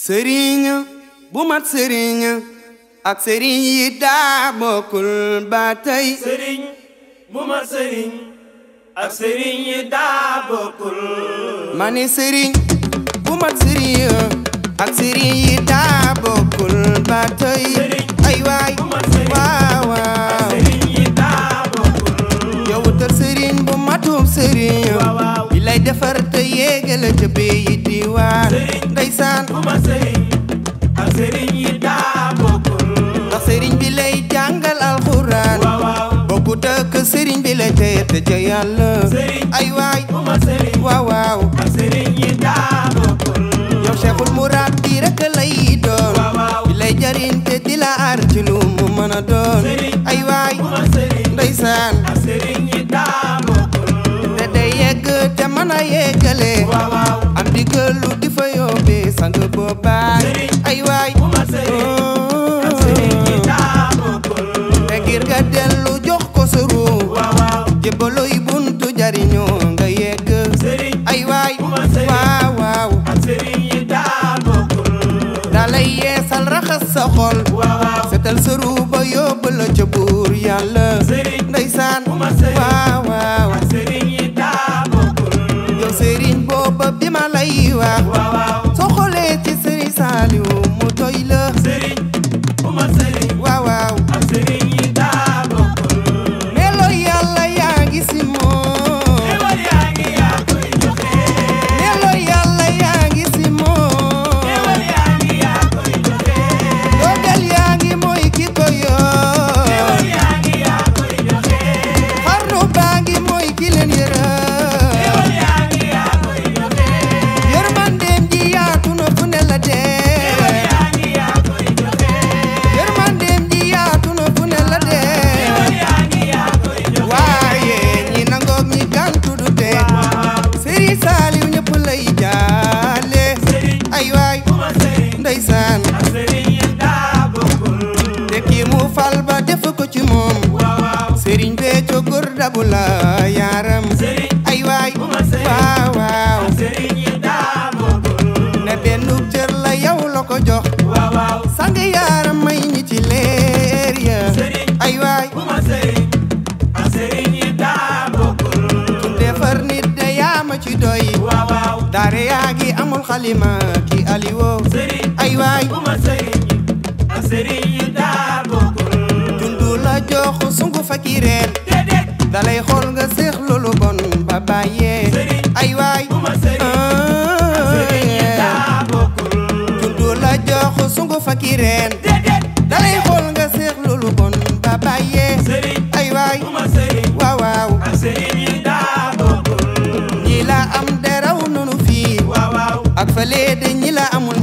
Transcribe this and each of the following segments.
sëriñ bu mat sëriñ ak sëriñ yi daa bokkul ba ba tey ay waay waaw waaw yow sëriñ bu matum sëriñ bi lay defar te yéegala ca béy sëriñ ndax sëriñ bi lay jàngal alxuraan waaw bokkut ak sëriñ bi lay téye te ca ay waay waaw waaw sëriñ yi daa yow cheikhul murad bi rek lay doon bi lay jariñ te di la aar ci lu mu mën a doon ay waay ndeysaan ak sëriñ yi daa bokkul te yegg te mën yeggale am digalu sang boobaa ay waay oh. te ngir nga dellu jox ko sa ruux jëbbaloy buntu jariñu nga yegg ay waay waaw waaw dalay yeesal raxas sa xol setal sa ruux ba yóbbu la ca buur yàlla ndeysaan waaw waaw yow sëriñ booba bi ma lay wax dogal ko ci sëriñ Béthio góor dabu la yaaram ay waay waaw waaw ne benn cër la yow la ko jox sang yaaram may ñi ci leer ya ay waay ku ah, defar nit de ay waay yokku sungu fakki reen dalay xool nga séex loolu bon ba bàyyee ay waay juddu ah. la jox sungu fakki reen dalay xool nga séex loolu bon ba bàyyee ay waay waaw waaw ñi la am deraw nunu fii ak fale de ñi la amul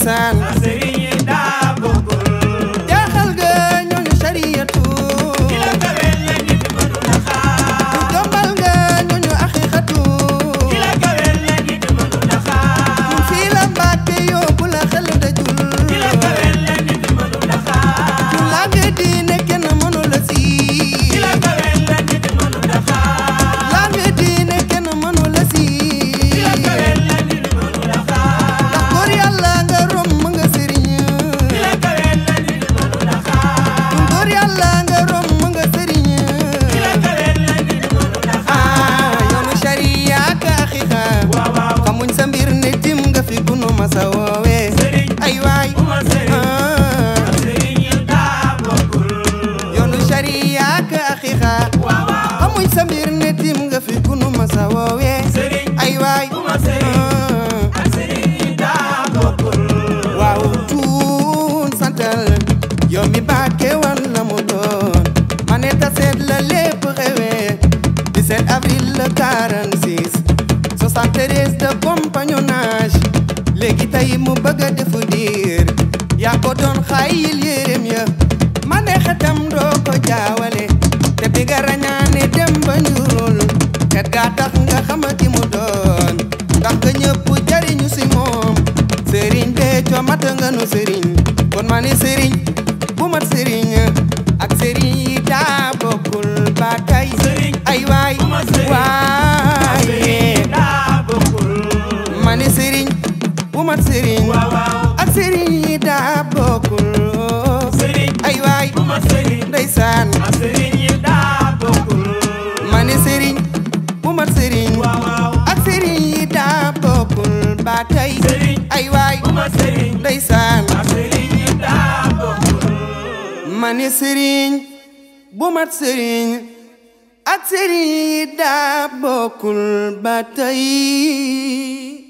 ndeysaan ak axiixa amuy sa ne dim nga fi ku nu masa woowe ay waay ah. waaw tuun santal yow mi baake wan la mu doon ma ne ta seet la lépp xewe 17 avril le 46 73 de compagnonnage léegi tey mu bëgg defu diir yaa ko doon xayil yéreem ya ma ne xetam doo ko jaawale nga rañaane dem ba njuróol xet gaa tax nga xamati mu doon ndax nga ñëpp jariñu si moom sëriñ bee coomat nga nu sëriñ kon ma sëriñ bu mat sëriñ ak sëriñ yi daa bokkul ba ay waay waaye ma ak sëriñ mu mat sëriñ ak sëriñ yi daa bokkul ba tey ay waay ndeysaan ma ne sëriñ bu mat sëriñ yi daa bokkul ba tey